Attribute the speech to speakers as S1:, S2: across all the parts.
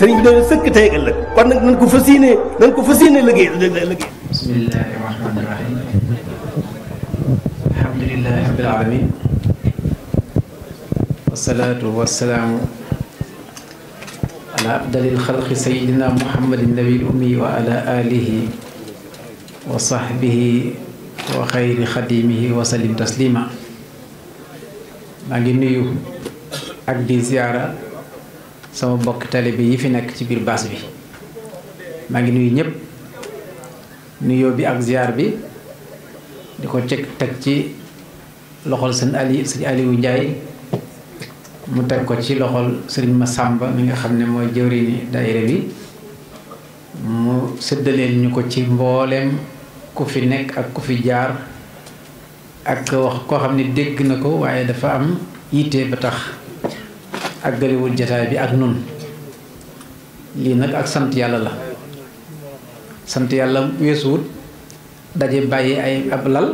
S1: sëriñ bi dana sëkk tey ëllëg kon nag nañ ko fas yéene nañ ko fas yéene liggéey liggéey. bismillahi rahmani rahim alhamdulilahi rabbil alamin wasalaatu wasalaamu ala afdalil xalqi sayidina muhammadin nabil ummi wa ala alihi wa sahbihi wa xayri xadimihi wa sallim taslima maa ngi nuyu ak di ziyaara sama bokk bi yi fi nekk ci biir baas bi maa ngi nuyu ñëpp nuyoo bi ak ziar bi di ko teg teg ci loxol sëñ Ali sëñ Aliou Ndiaye mu teg ko ci loxol sëriñ Massamba mi nga xam ne mooy jëwriñu daayira bi mu séddaleel ñu ko ci mbooleem ku fi nekk ak ku fi jaar ak wax koo xam ne dégg na ko waaye dafa am yitte ba tax àggaliwul jataay bi ak nun lii nag ak sant yàlla la sant yàlla weesuwut daje bàyyi ay ab lal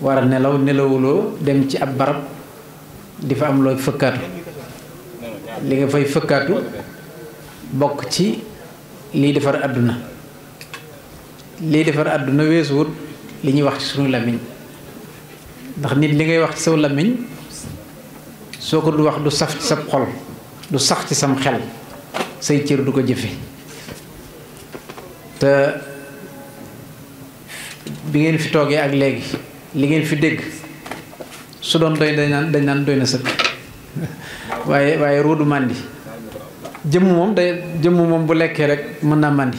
S1: war a nelaw nelawuloo dem ci ab barab di fa am looy fëkkaatu li nga fay fëkkaatu bokk ci liy defar àdduna lii defar àdduna weesuwut li ñuy wax ci sunu làmmiñ ndax nit li ngay wax ci saw làmmiñ soo ko du wax du saf ci sab xol du sax ci sam xel say cër du ko jëfe te bi ngeen fi toogee ak léegi li ngeen fi dégg su doon doy dañ naan dañ naan doy na sëkk waaye waaye ruudu màndi jëmm moom day jëmm moom bu lekkee rek mën naa màndi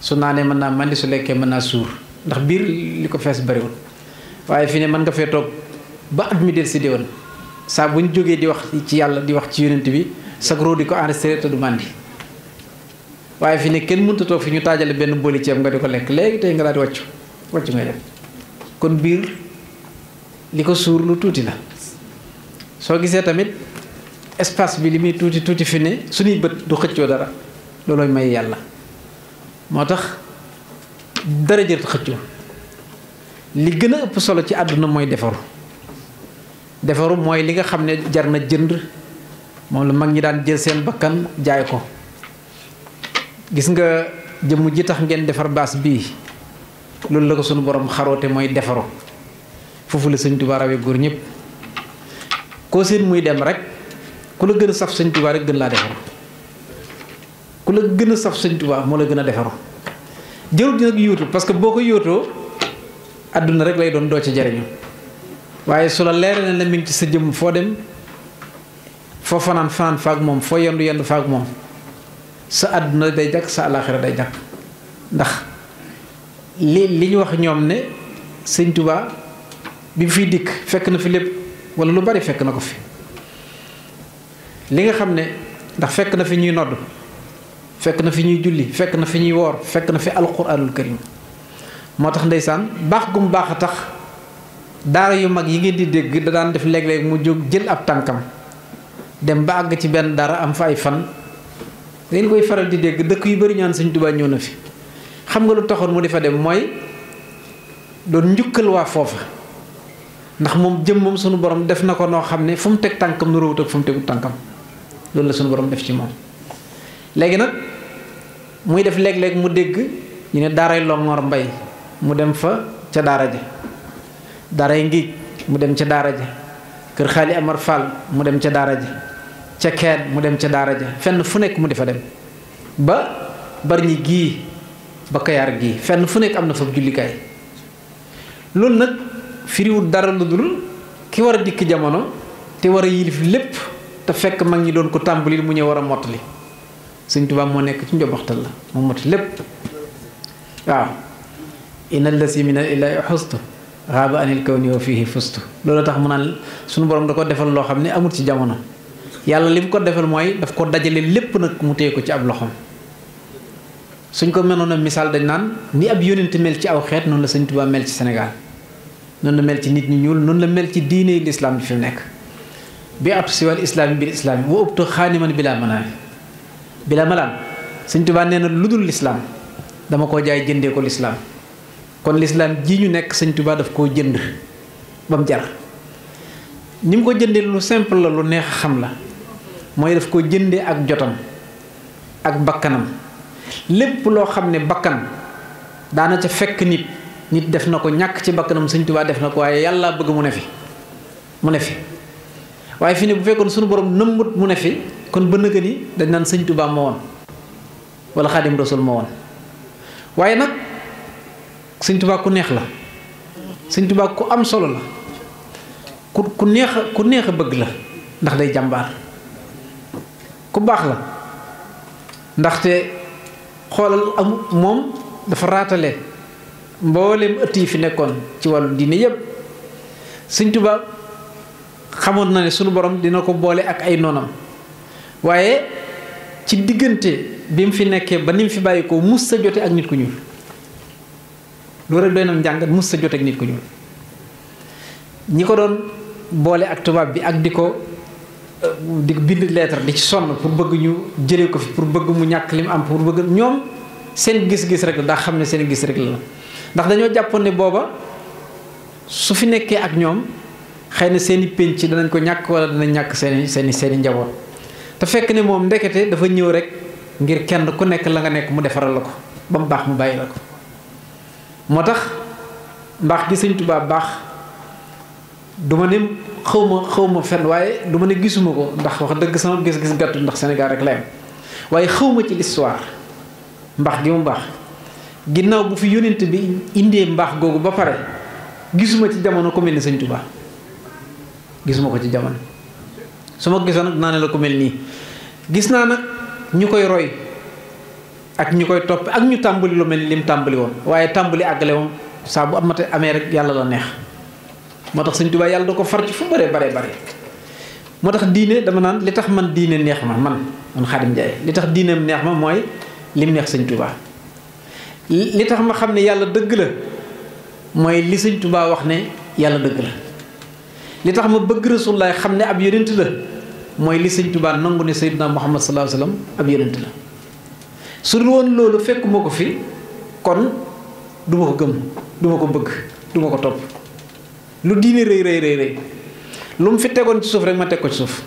S1: su naanee mën naa màndi su lekkee mën naa suur ndax biir li ko fees bariwul waaye fi ne mën nga fee toog ba at mi del si déwén saa bu ñu jógee di wax ci yàlla di wax ci yonent bi sag roo di ko enregistré te du màndi waaye fi ne kenn mëntatoo fi ñu taajale benn booli ceeb nga di ko lekk léegi tey nga daal di wàccu wàccu ngay dem kon biir li ko suur lu tuuti la soo gisee tamit espace bi li muy tuuti tuuti fi ne suñuy bët du xëccoo dara loolooy may yàlla moo tax dara jërët xëccoo li gën a ëpp solo ci àdduna mooy defaru defaru mooy li nga xam ne jar na jënd moom la mag ñi daan jël seen bakkan jaay ko gis nga jëmm ji tax ngeen defar baas bii loolu la ko sunu borom xaroote mooy defaru foofu la sëñ Tuubaa rawee góor ñëpp koo seen muy dem rek ku la gën a saf sëñ Tuubaa rek gën laa ku la gën a saf sëñ Tuubaa moo la gën a defaru jërut nag yóotu parce que boo ko yootoo àdduna rek lay doon doo ci jariñu waaye su la leeree na mi ci sa jëmm foo dem foo fanaan fanaan faak moom foo yendu yendu faak moom sa àdduna day jàkk sa alaaxira day jàkk ndax li li ñu wax ñoom ne sëñ Tuubaa bi mu fiy dikk fekk na fi lépp wala lu bari fekk na ko fi li nga xam ne ndax fekk na fi ñuy nodd fekk na fi ñuy julli fekk na fi ñuy woor fekk na fi alquranul karim moo tax ndeysaan baax gum baax a tax daara yu mag yi ngeen di dégg da daan def léeg-léeg mu jóg jël ab tànkam dem ba àgg ci benn dara am fa ay fan ngeen koy faral di dégg dëkk yu bari ñaan Sëñ Tuubaa ñëw na fi xam nga lu taxoon mu di dem mooy doon njukkal waa foofa ndax moom jëmmam sunu borom def na ko noo xam ne fu mu teg tànkam nu rawut ak fu mu tegu tànkam loolu la sunu boroom def ci moom léegi nag muy def léeg-léeg mu dégg ñu ne daaray Longoor Mbay mu dem fa ca daara ja daaray ngiig mu dem ca daara ja kër xaali amar fall mu dem ca daara ja ca keen mu dem ca daara ja fenn fu nekk mu defa fa dem ba Bargny gii ba Kayaar gii fenn fu nekk am na fa jullikaay loolu nag firiwul dara lu dul ki war a dikk jamono te war a yilif lépp te fekk mag ñi doon ko tàmbali mu ñëw war a mottali Sëñ Tuubaa moo nekk ci njobaxtal la mu mot lépp waaw inna la mina ilaa xustu raaba anil kaw ni wa fihi fustu loolu tax mu naan suñu boroom da ko defal loo xam ne amul ci jamono yàlla li mu ko defal mooy daf ko dajale lépp nag mu téye ko ci ab loxoom suñ ko mënoon a misaal dañ naan ni ab yónent mel ci aw xeet noonu la Sëñ Tuubaa mel ci Sénégal noonu la mel ci nit ñi ñuul noonu la mel ci diine yi lislaam bi fi mu nekk bi atu siwal islaami bil islaami wa ubtu xaaniman bila manaami bila malaan Sëñ Tuubaa nee na lu dul lislaam dama koo jaay jëndee ko kon lislaam ji ñu nekk sëñ tubaa daf koo jënd ba mu jar ni mu ko jëndee lu simple la lu neex xam la mooy daf koo jëndee ak jotam ak bakkanam lépp loo xam ne bakkan daana ca fekk nit nit def na ko ñàkk ci bakkanam sëñ Tuubaa def na ko waaye yàlla bëgg mu ne fi mu ne fi waaye fi ne bu fekkoon suñu borom nëmbut mu ne fi kon ba nëgë ni dañ naan sëñ Tuubaa moo woon wala xaadim rasul moo woon waaye nag sëñ ku neex la sëñ ku am solo la ku ku neex ku neex a bëgg la ndax day jàmbaar ku baax la ndaxte xoolal am moom dafa raatale mbooleem ëtt yi fi nekkoon ci wàllu diine yépp sëñ xamoon na ne sunu borom dina ko boole ak ay noonam waaye ci diggante bi mu fi nekkee ba ni mu fi bàyyi ko mu sa jote ak nit ku ñu loolu rek doy na njàngat mus sa jot ak nit ku ñuul ñi ko doon boole ak tubaab bi ak di ko di bind lettre di ci sonn pour bëgg ñu jëlee ko fi pour bëgg mu ñàkk li mu am pour bëgg ñoom seen gis-gis rek la daa xam ne seen gis rek la ndax dañoo jàppoon ne booba su fi nekkee ak ñoom xëy na seeni i penc danañ ko ñàkk wala dana ñàkk seeni seeni seen njaboot te fekk ne moom ndekete dafa ñëw rek ngir kenn ku nekk la nga nekk mu defaral la ko ba mu baax mu bàyyi la ko. moo tax mbaax gi sëñ Tuubaa baax duma ma ne xaw ma xaw ma fenn waaye duma ne gisuma ko ndax wax dëgg sama gis-gis gàttu ndax Sénégal rek la waaye xaw ma ci l'histoire mbaax gi mu baax ginnaaw bu fi yónent bi indee mbaax googu ba pare gisuma ci jamono ku mel ni sëñ Tuubaa gisuma ko ci jamono su ma gisoon nag dinaa ne la ku mel nii gis naa nag ñu koy roy ak ñu koy topp ak ñu tàmbali lu mel ni lim tàmbali woon waaye tàmbali àggale moom saa bu amate amee rek yàlla la neex moo tax sëñ Tuubaa yàlla da ko far ci fu bare bare bare moo tax diine dama naan li tax man diine neex ma man man Xaadim Njaay li tax diineem neex ma mooy lim neex sëñ Tuubaa li tax ma xam ne yàlla dëgg la mooy li sëñ Tuubaa wax ne yàlla dëgg la li tax ma bëgg laay xam ne ab yonent la mooy li sëñ Tuubaa nangu ne Seydina Muhammad sallallahu alayhi wa sallam ab yonent la su dul woon loolu fekkuma ko fi kon du ma ko gëm du ko bëgg duma ko topp lu diine rey rëy rëy rëy lu mu fi tegoon ci suuf rek ma teg ko ci suuf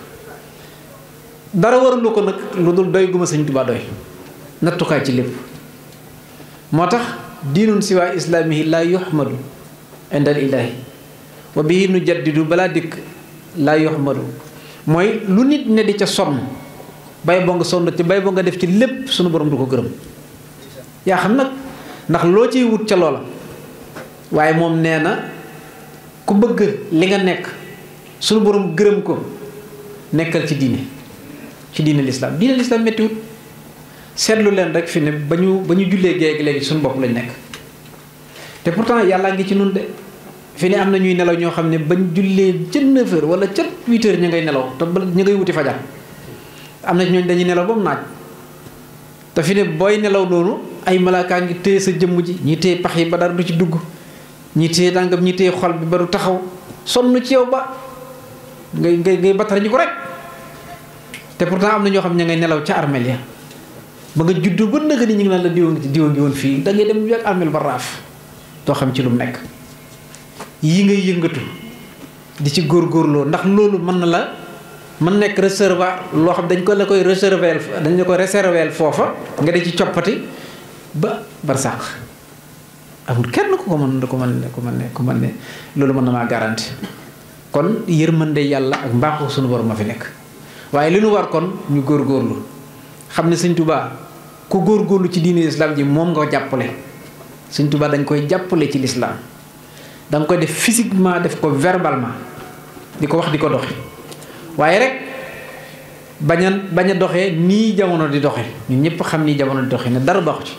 S1: dara waralu ko nag lu dul doy gu ma sëñ Tuubaa doy nattukaay ci lépp moo tax diinun siwaa islaamihi laa yuhmadu indal ilaahi wa bihi nu jaddidu balaa dikk laa yuhmadu mooy lu nit ne di ca sonn bay boo nga sonn ci bay boo nga def ci lépp suñu borom du ko gërëm yaa xam nag ndax loo ciy wut ca loola waaye moom nee na ku bëgg li nga nekk sunu borom gërëm ko nekkal ci diine ci diine lislaam diine lislaam méttiwut seetlu leen rek fi ne ba ñu ba ñu jullee géej léegi sunu bopp lañ nekk te pourtant yàllaa ngi ci nun de fi ne am na ñuy nelaw ñoo xam ne bañ jullee ca 9h wala ca 8 ñu ngay nelaw te ba ñu ngay wuti fajar am na ñooñ dañuy nelaw ba mu naaj te ne booy nelaw noonu ay malaakaa ngi téye sa jëmm ji ñi téye pax yi ba dara du ci dugg ñi téye dàngam ñi téye xol bi ba du taxaw sonn ci yow ba ngay ngay ngay battar ñu ko rek te pourtant am na ñoo xam ne ngay nelaw ca armel ya ba nga juddu ba nëgg ni ñu ngi naan la diwa ngi diwa ngi woon fii dangay dem yàgg armel ba raaf doo xam ci lu mu nekk yi ngay yëngatu di ci góor góorgóorloo ndax loolu mën na la man nekk reserva loo xam dañ ko la koy réserver dañ la koy réserver foofa nga di ci coppati ba barsàq amul kenn ku ko mën ko mën ne ko man ne ko man ne loolu mën na maa garanti kon yërmande yàlla ak mbaaxu sunu borom ma fi nekk waaye li nu war kon ñu góor góorlu xam ne sëñ Tuubaa góor góorgóorlu ci diine lislaam ji moom nga jàppale sëñ dañ koy jàppale ci lislaam danga nga koy def physiquement def ko verbalement di ko wax di ko doxi waaye rek bañan a bañ doxee nii jamono di doxe ñu ñëpp xam nii jamono di doxe ne dara baaxu ci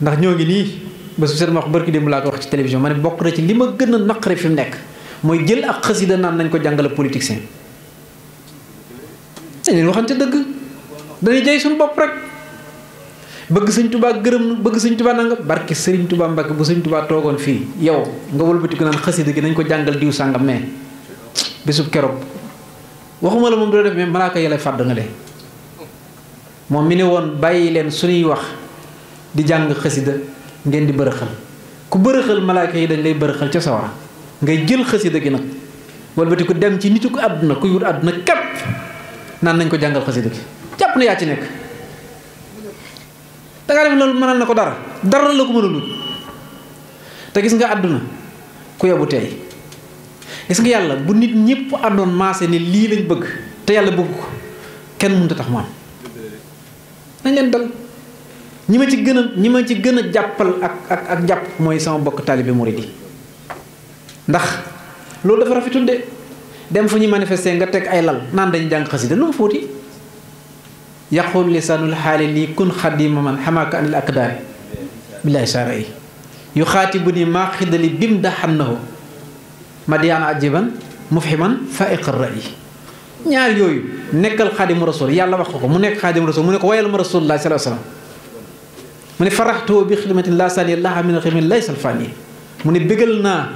S1: ndax ñoo ngi nii ba su set ma wax barki laa ko wax ci télévision ma ne bokk na ci li ma gën a naqari fi mu nekk mooy jël ak xasida naan nañ ko jàngale politicien dañ leen waxante dëgg dañuy jay suñu bopp rek bëgg sëñ tubaa gërëm bëgg sëñ tubaa nanga barki sëriñ tubaa mbàkke bu sëñ toogoon fii yow nga wëlbatiku naan xasida gi nañ ko jàngal diw sàngam mais bésub keroog waxuma la moom doo def mais malaaka lay fàdd nga leen moom mi ne woon bàyyi leen suñuy wax di jàng xasida ngeen di bërëxal ku bërëxal malaaka yi dañ lay bërëxal ca sawara ngay jël xasida gi nag walbati ku dem ci nitu ko àdduna kuy wut àdduna képp naan nañ ko jàngal xasida gi jàpp na yaa ci nekk dangaa def loolu mënal na ko dara dara la ko mënalul te gis nga àdduna ku yebu tey gis nga yàlla bu nit ñëpp àndoon maase ne lii lañu bëgg te yàlla bëgg ko kenn mënut tax mu am nañ leen dal ñi ma ci gën ñi ma ci gën a jàppal ak ak jàpp mooy sama bokk taalibe murid yi ndax loolu dafa rafetul de dem fu ñu manifester nga teg ay lal naan dañu jàng xasida lu ma fóoti yaqul lisaanul xaali lii kun xadima man xamaaka anil akdaari billaay saara yi yu xaati bu ni maa xidali bim da xam na ko madiyaana ajiban mufhiman faiq ar-ra'yi ñaar yooyu nekkal xaadimu rasul yàlla wax ko ko mu nekk xaadimu rasul mu ne ko wayal ma rasulullah sallallahu alayhi wasallam mu ne faraxtoo bi xidmatin laa saani laha min ximin lay mu ne bégal naa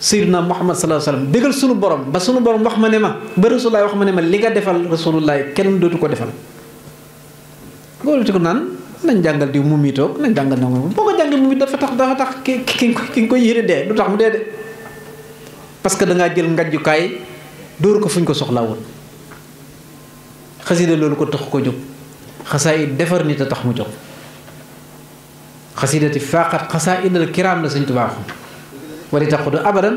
S1: sayyidina muhammad sallallahu alayhi wasallam bégal sunu borom ba sunu borom wax ma ne ma ba rasulullah wax ma ne ma li nga defal rasulullah kenn dootu ko defal loolu ti ko naan nañ jàngal diw mu nañ jàngal na boo ko jàngal mu mii dafa tax dafa tax ki ki ki nga koy yéene parce que da jël ngajjukaay dóor ko fu ñu ko soxlaa woon xasida loolu ko tax ko jóg xasaayid defar nit a tax mu jóg xasidati faaqat xasaayidal kiraam la sëñ tubaa xum wala taxudu abadan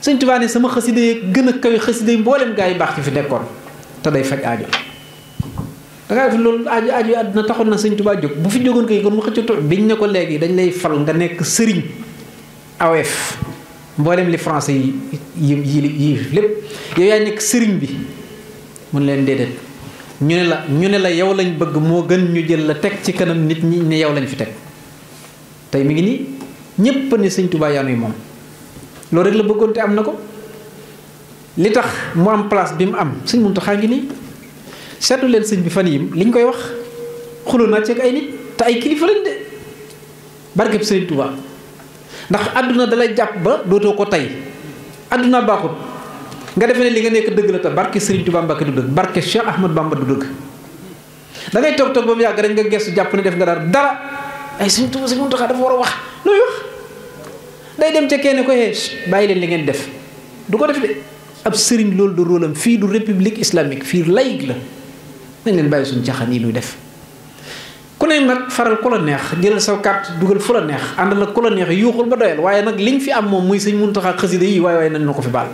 S1: sëñ tubaa ne sama xasida yi gën a kawe xasida yi mboolem gaa yi baax ci fi nekkoon te day faj ajo dangaa def loolu aajo aajo yi àdduna taxoon na sëñ tubaa jóg bu fi jógoon kay kon mu xëcc biñ ne ko léegi dañ lay fal nga nekk sëriñ aweef mboolem li français yi yi yi lépp yow yaa nekk sëriñ bi mun leen déedéet ñu ne la ñu ne la yow lañ bëgg moo gën ñu jël la teg ci kanam nit ñi ne yow lañu fi teg tey mi ngi nii ñépp ne sëñ Tuubaa yaa nuy moom loolu rek la bëggoon te am na ko li tax mu am place bi mu am sëñ Muntaxaa ngi nii seetlu leen sëñ bi fan yi liñ koy wax xuloo naa ci ak ay nit te ay kilifa lañ de barkeb sëñ Tuubaa ndax àdduna dalay jàpp ba dootoo ko tey àdduna baaxut nga defe ne li nga nekk dëgg la te barke Serigne Touba Mbacké du dëgg barke Cheikh Ahmad Bamba du dëgg da ngay toog toog ba mu yàgg rek nga gestu jàpp ne def nga dara dara ay Serigne Touba Serigne Mountakha dafa war a wax looy wax day dem ca kenn ko hee eh, bàyyi leen li ngeen def du ko def de ab sëriñ loolu du rôlam fii du république islamique fii laïque la nañ leen bàyyi suñu caxaan nii nuy def ku ne nag faral ku la neex jëlal sa carte dugal fu la neex àndal ak ku la neex yuuxul ba doyal waaye nag ñu fi am moom muy sañ mun Muntaxa xasida yi waaye waaye nañ na ko fi baal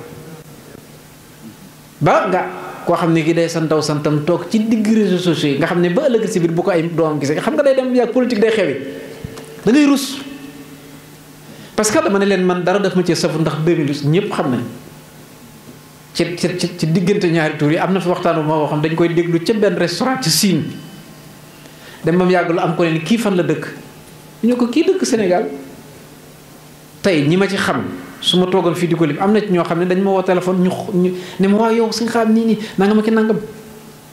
S1: ba nga koo xam ne ki day santaw santam toog ci digg réseaux sociaux yi nga xam ne ba ëllëg si biir bu ko ay doomam gisee xam nga day dem yàgg politique day xewi da ngay rus parce que dama ne leen man dara def ma ci safu ndax 2012 ñëpp xam nañ ci ci ci diggante ñaari tur yi am na fi waxtaan bu ma waxoon dañ koy déglu ci benn restaurant ci Siin dem ba mu yàgg lu am ko ne kii fan la dëkk ñu ko kii dëkk senegal tey ñi ma ci xam su ma toogoon fii di ko lim am na ci ñoo xam ne dañ ma woo téléphone ñu ñu ne ma waa yow suñu xam nii nii nangam ak nangam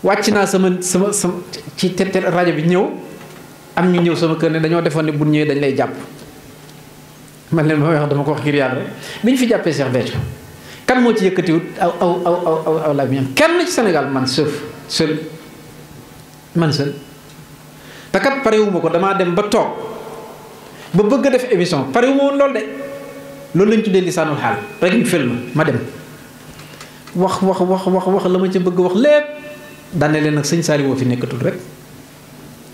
S1: wàcc naa sama sama sama ci te rajo bi ñëw am ñu ñëw sama kër ne dañoo defoon ne bu ñëwee dañ lay jàpp. man leen ma wax dama ko wax ngir yàlla bi ñu fi jàppee Cheikh Béthio kan moo ci yëkkatiwut aw aw aw aw aw kenn ci senegal man seul seul man seul. te kat parewuma ko damaa dem ba toog ba bëgg a def émission parewuma woon loolu de loolu lañ tuddee lisaanul xaal rek ñu film ma dem wax wax wax wax wax la ma ca bëgg wax lépp dane leen nag sëñ Saliou fi nekkatul rek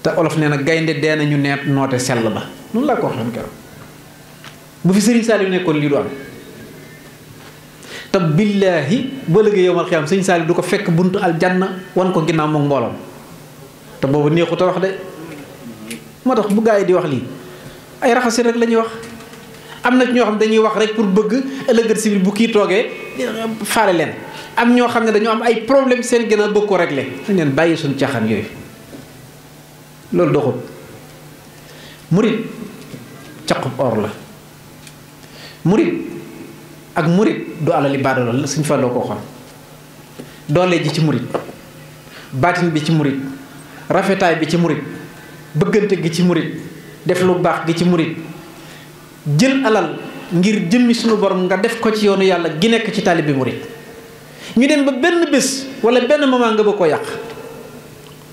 S1: te olof nee nag gaynde dee nañu neet noote sell ba noonu laa ko waxoon keroog bu fi sëriñ Saliou nekkoon lii du am te billaahi ba léegi yowmal xiyaam sëñ Saliou du ko fekk buntu aljanna wan ko ginnaaw moom mbooloom te boobu neexu te moo tax bu gaa yi di wax lii ay raxasin rek la wax am na ñoo xam dañuy wax rek pour bëgg ëllëgër si biir bu kii toogee faale leen am ñoo xam ne dañoo am ay problème seen gën a bëgg ko réglé dañ leen bàyyi suñu caaxaan loolu doxul murit caqub la murit ak murit du alali baadolo la suñ fa loo ko xoon doole ji ci murit baatin bi ci murit rafetaay bi ci murit bëggante gi ci murit def lu baax gi ci murit jël alal ngir jëmmi sunu borom nga def ko ci yoonu yàlla gi nekk ci bi murit ñu dem ba benn bés wala benn moment nga ba ko yàq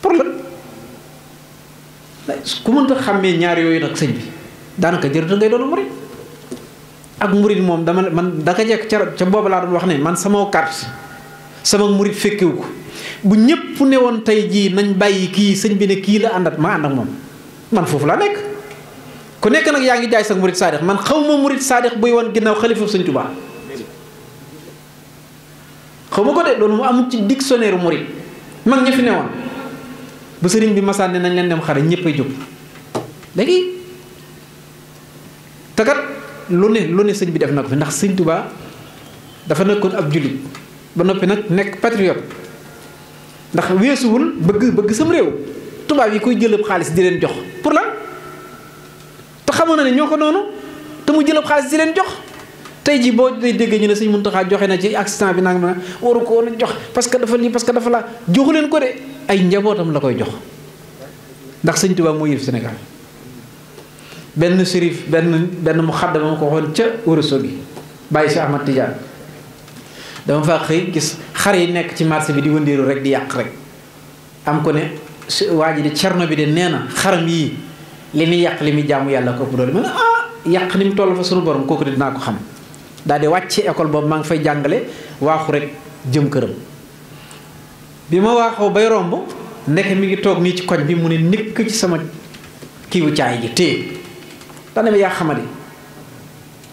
S1: pour la ku mënta xàmmee ñaari yooyu nag sëñ bi daanaka jërëjëf ngay doon murit ak murit moom dama man daka jekk ca ca boobu laa doon wax ne man sama carte sama murit fekkiwu ko. bu ñëpp ne woon tey jii nañ bàyyi kii sëñ bi ne kii la àndat ma ànd moom man foofu laa nekk ku nekk nag yaa ngi jaay sax murit saadix man xaw ma murit saadix buy won ginnaaw xalifa sëñ Tuubaa xaw ma ko de loolu mu amul ci dictionnaire murit mag ña fi ne woon bu sëriñ bi masaan ne nañ leen dem xare ñëpp ay jóg léegi takat lu ne lu ne sëñ bi def na ko fi ndax sëñ Tuubaa dafa nekkoon ab jullit ba noppi nag nekk patriote ndax weesuwul bëgg bëgg sama réew tubaab yi koy jëlëb xaalis di leen jox pour lan te xamoon na ne ñoo ko noonu te mu jëlëb xaalis di leen jox tey ji boo day déggee ñu ne sëñ Muntaxa joxe na ci accident bi nag ma waru ko woon jox parce que dafa lii parce que dafa la joxu leen ko de ay njabootam la koy jox ndax sëñ Tuubaa moo yëf Sénégal benn sérif benn benn mu xaddama ma ko waxoon ca wërëso gi bàyyi si Ahmad Tidiane dama faa xëy gis xar yi nekk ci marché bi di wëndeeru rek di yàq rek am ko ne waa ji di cerno bi de nee na xaram yii li muy yàq li muy jàmm yàlla ko ëpp doole ma ne ah yàq ni mu toll fa sunu borom kooku de dinaa ko xam daal di wàcc école boobu maa ngi fay jàngale waaxu rek jëm këram bi ma waaxoo bay romb ndeke mi ngi toog nii ci koñ bi mu ne nikk ci sama kiwu caay ji téye dana yaa xamadi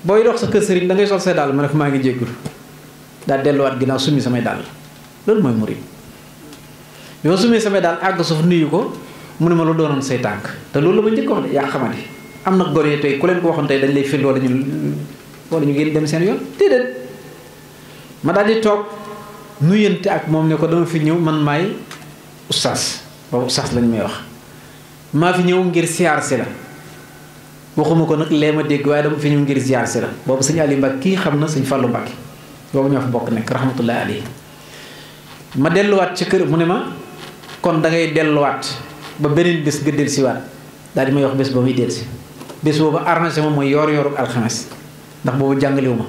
S1: booy dox sa kër sëriñ da ngay sol say daal ma ne ko maa ngi jéggul daa delluwaat ginnaaw summi samay dàll loolu mooy murid bi ma summi samay dàll àgg suuf nuyu ko mu ne ma lu doonoon say tànk te loolu la ma njëkk wax de yaa xamante am na gor yi tey ku leen ko waxoon tey dañ lay firnde wala ñu wala dem seen yoon ma daal di toog nuyante ak moom ne ko dama fi ñëw man maay ustaas boobu ustaas lañu may wax maa fi ñëw ngir siyaar si la waxuma ko nag lee ma dégg waaye dama fi ñëw ngir siyaar si la boobu sëñ Aliou Mbacke kii xam na sëñ Fallou Mbacke boobu ñoo fa bokk nekk rahmatullahi alayhi ma delluwaat ci kër mu ne ma kon da ngay delluwaat ba beneen bés nga dellusiwaat daal di may wax bés ba muy dellusi bés boobu arrangé ma mooy yor-yoru alxames ndax boobu jàngalewu ma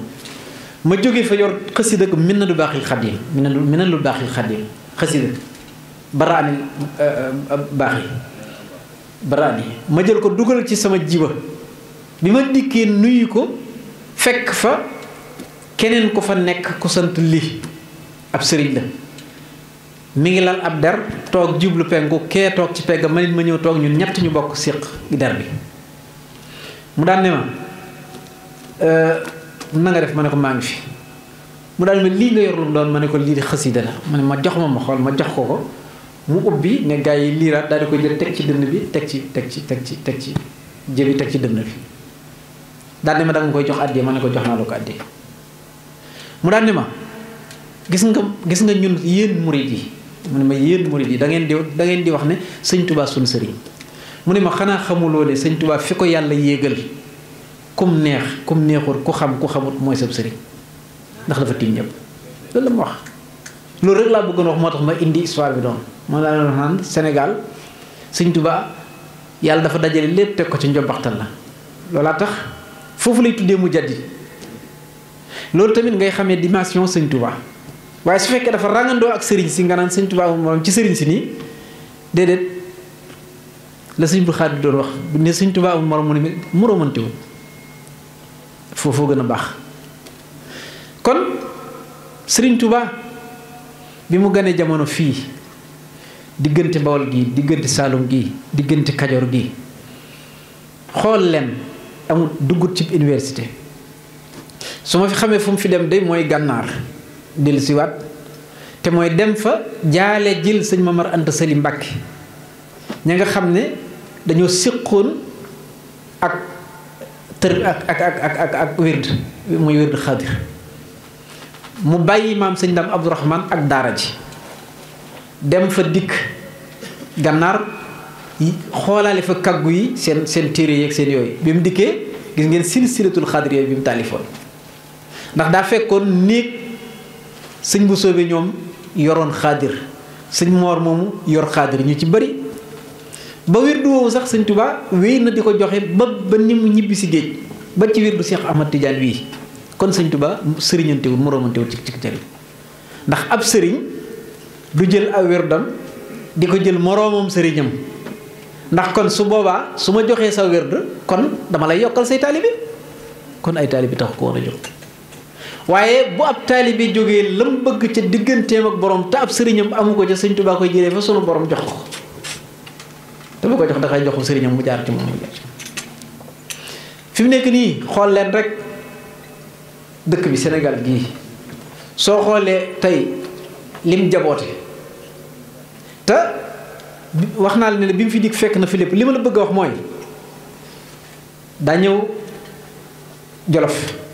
S1: ma jóge fa yor xasida ko min na lu baax baaxil xadim min na lu min na lu baaxil xadim xasida baraani euh, euh, baax yi baraani ma jël ko dugal ci sama jiba bi ma dikkee nuyu ko fekk fa. keneen ko fa nekk ku sant lii ab sëriñ la mi ngi lal ab der toog jublu penku kee toog ci pegg manit ma ñëw toog ñun ñett ñu bokk siq der bi mu daan ne ma euh, na nga def ma ne ko maa ngi fi mu daan ma lii nga yor lu doon ma ne ko lii di xasida la ma ne ma jox ma ma xool ma jox ko ko mu ubbi ne gaa yi liiraat daal di ko jël teg ci dënn bi teg ci teg ci teg ci teg ci jëbi teg ci dënn bi daan ne ma da koy jox àddee ma ne ko jox naa la ko àddee mu daan ma gis nga gis nga ñun yéen murid yi mu ne ma yéen murid yi da ngeen di da ngeen di wax ne sëñ tubaa suñ sëriñ mu ne ma xanaa xamuloo ne sëñ tubaa fi ko yàlla yéegal kum neex kum neexul ku xam ku xamut mooy sab sëriñ ndax dafa tiim ñëpp loolu la ma wax loolu rek laa bëggoon wax moo tax ma indi histoire bi doon moo laa doon naan Sénégal sëñ tubaa yàlla dafa dajale lépp teg ko ci njobbaxtal la loolaa tax foofu lay tuddee mu jaddi loolu tamit ngay xamee dimension sëñ tubaa waaye su fekkee dafa ràngandoo ak sëriñ si nga naan sëñ Touba moom ci sëriñ si nii déedéet la sëñ bu xaadi doon wax ne sëñ Touba amul morom mu ne foofoo gën a baax kon sëriñ tubaa bi mu ganee jamono fii diggante Bawol gi diggante Saalum gi diggante Kajoor gi xool leen amul duggut ci université su ma fi xamee fu mu fi dem de mooy gànnaar dellu siwaat te mooy dem fa jaale jël sëñ Mamar Anta Sali Mbàkke ña nga xam ne dañoo séqoon ak tër ak ak ak ak ak wird muy wird xaadir mu bàyyi maam sëñ Dam Abdourahman ak daara ji dem fa dikk gànnaar xoolaale fa kaggu yi seen seen téere yeeg seen yooyu bi mu dikkee gis ngeen silsilatul xaadir yooyu bi mu taalifoon ndax daa fekkoon néeg sëñ bu soobee ñoom yoroon xaadir sëñ moor moomu yor xaadir ñu ci bëri ba wirdu woowu sax sëñ Tuubaa wéy na di ko joxe ba ba ni mu ñibbi si géej ba ci wirdu Seex Ahmad Tijaan wii kon sëñ Tuubaa sëriñantewul moroomantewul ci ci jëriñ ndax ab sëriñ du jël aw wirdam di ko jël moroomam sëriñam ndax kon su boobaa su ma joxee sa wird kon dama lay yokkal say taalibi kon ay taalibi taxu ko war a jox waaye bu ab taalibi jógee lam bëgg ca digganteem ak borom te ab sëriñam amu ko ca sëñ Tuubaa koy jëlee fa sunu borom jox ko te bu ko jox da koy jox sëriñam mu jaar ci moom mu jaar fi mu nekk nii xool leen rek dëkk bi Sénégal gii soo xoolee tey lim jaboote te wax naa la ne bi mu fi dikk fekk na fi lépp li ma la bëgg a wax mooy daa ñëw Jolof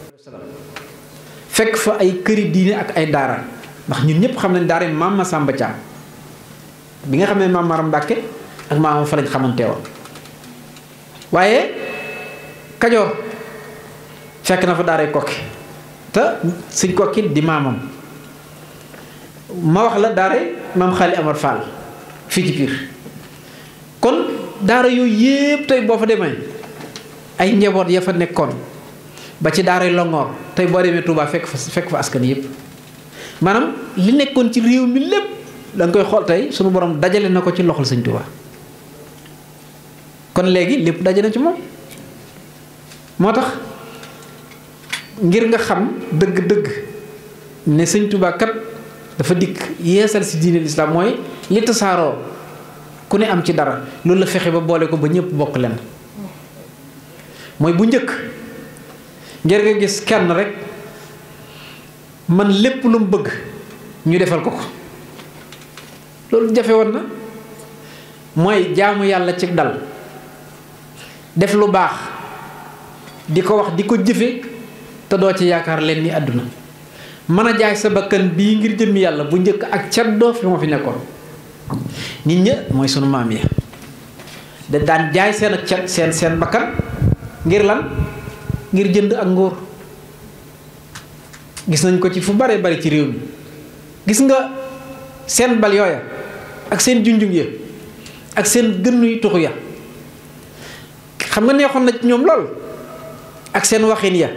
S1: fekk fa ay këri diine ak ay daara ndax ñun ñëpp xam nañ daara maam ma Samba Thiam bi nga xam ne maam Maram ak maamam fa lañ xamante woon na fa daaray kokki te suñ kokki di maamam ma wax la daaray maam Xaali Amar Fall fii ci kon daara yooyu yépp tey boo fa demee ay njaboot ya fa nekkoon ba ci daaree longoor tey boo demee Touba fekk fa fekk fa askan yëpp maanaam li nekkoon ci réew mi lépp da koy xool tey sunu borom dajale na ko ci loxol sëñ Touba kon léegi lépp daje na ci moom moo tax ngir nga xam dëgg-dëgg ne sëñ Touba kat dafa dikk yeesal si diine lislaam mooy li tasaaroo ku ne am ci dara loolu la fexe ba boole ko ba ñëpp bokk leen mooy bu njëkk. ngir nga gis kenn rek man lépp lu mu bëgg ñu defal ko ko loolu jafe woon na mooy jaamu yàlla ci dal def lu baax di ko wax di ko jëfe te doo ci yaakaar leen ni àdduna mën a jaay sa bakkan bii ngir jëmmi yàlla bu njëkk ak cat doo fi ma fi nekkoon nit ña mooy sunu maam yi da daan jaay seen ak cat seen seen bakkan ngir lan ngir jënd ak ngóor gis nañ ko ci fu bare bari ci réew mi gis nga seen bal yooya ak seen junjung ya ak seen gënnuy tuxu ya xam nga neexoon na ñoom lool ak seen waxin ya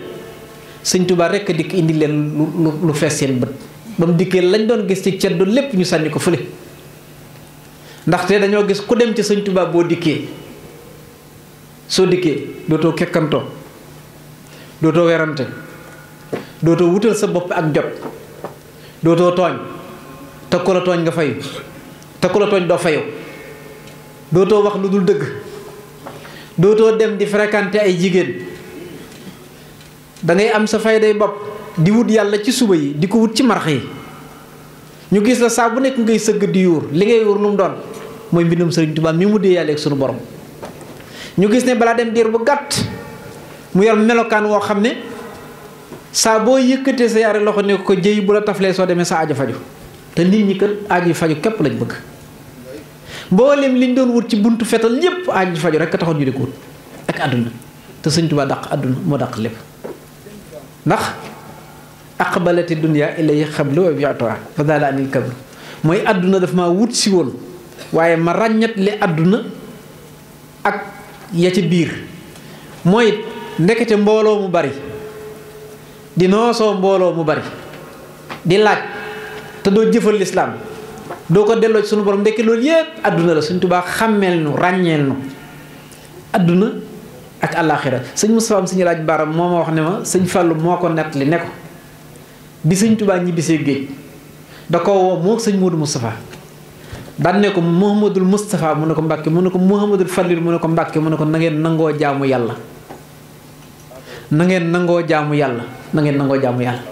S1: sëñ Tuubaa rekk dikk indi leen lu lu fees seen bët ba mu dikkee lañ doon gis ci ceddo lépp ñu sànni ko fële ndaxte dañoo gis ku dem ca sëñ Tuubaa boo dikkee soo dikkee dootoo kekkantoo dootoo werante dootoo wutal sa bopp ak jot dootoo tooñ te ku tooñ nga fayu te ku la tooñ doo fayu dootoo wax lu dul dëgg dootoo dem di fréquenter ay jigéen dangay am sa fayday bopp di wut yàlla ci suba yi di ko wut ci marax yi ñu gis la saa bu nekk ngay sëgg di yuur li ngay yuur lu mu doon mooy mbindum Sëriñ Tuubaa mi mu dee yàlla ak sunu borom ñu gis ne balaa dem diir bu gàtt mu yor melokaan woo xam ne saa boo yëkkatee sa yare loxo ne ko jëy bu la taflee soo demee sa aajo faju te nit ñi kat aajo faju képp lañ bëgg mboolem liñ doon wut ci buntu fetal yépp aajo faju rek a taxoon ñu di ko wut ak àdduna te Sëñ Tuubaa dàq àdduna moo dàq lépp ndax aqbalati dunya ilay xablu wa bi'atuha fa daala anil mooy àdduna daf ma wut si woon waaye ma ràññat le àdduna ak ya ci biir mooy ndekete mbooloo mu bari di noosoo mbooloo mu bari di laaj te doo jëfal lislaam doo ko delloo suñu sunu borom loolu yépp àdduna la suñ tubaa xàmmeel nu ràññeel nu àdduna ak àllaaxira sëñ Moustapha am suñu laaj baram moo ma wax ne ma sëñ Fallou moo ko nettali ne ko bi sëñ tubaa ñibbisee géej da ko woo moo sëñ Modou Moustapha daan ne ko Mouhamadul Moustapha mu ne ko Mbàkke mu ne ko Mouhamadul Fadlil mu ne ko Mbàkke mu ne na ngeen nangoo jaamu yàlla nangeen nangoo jaamu yàlla na ngeen nangoo jaamu yàlla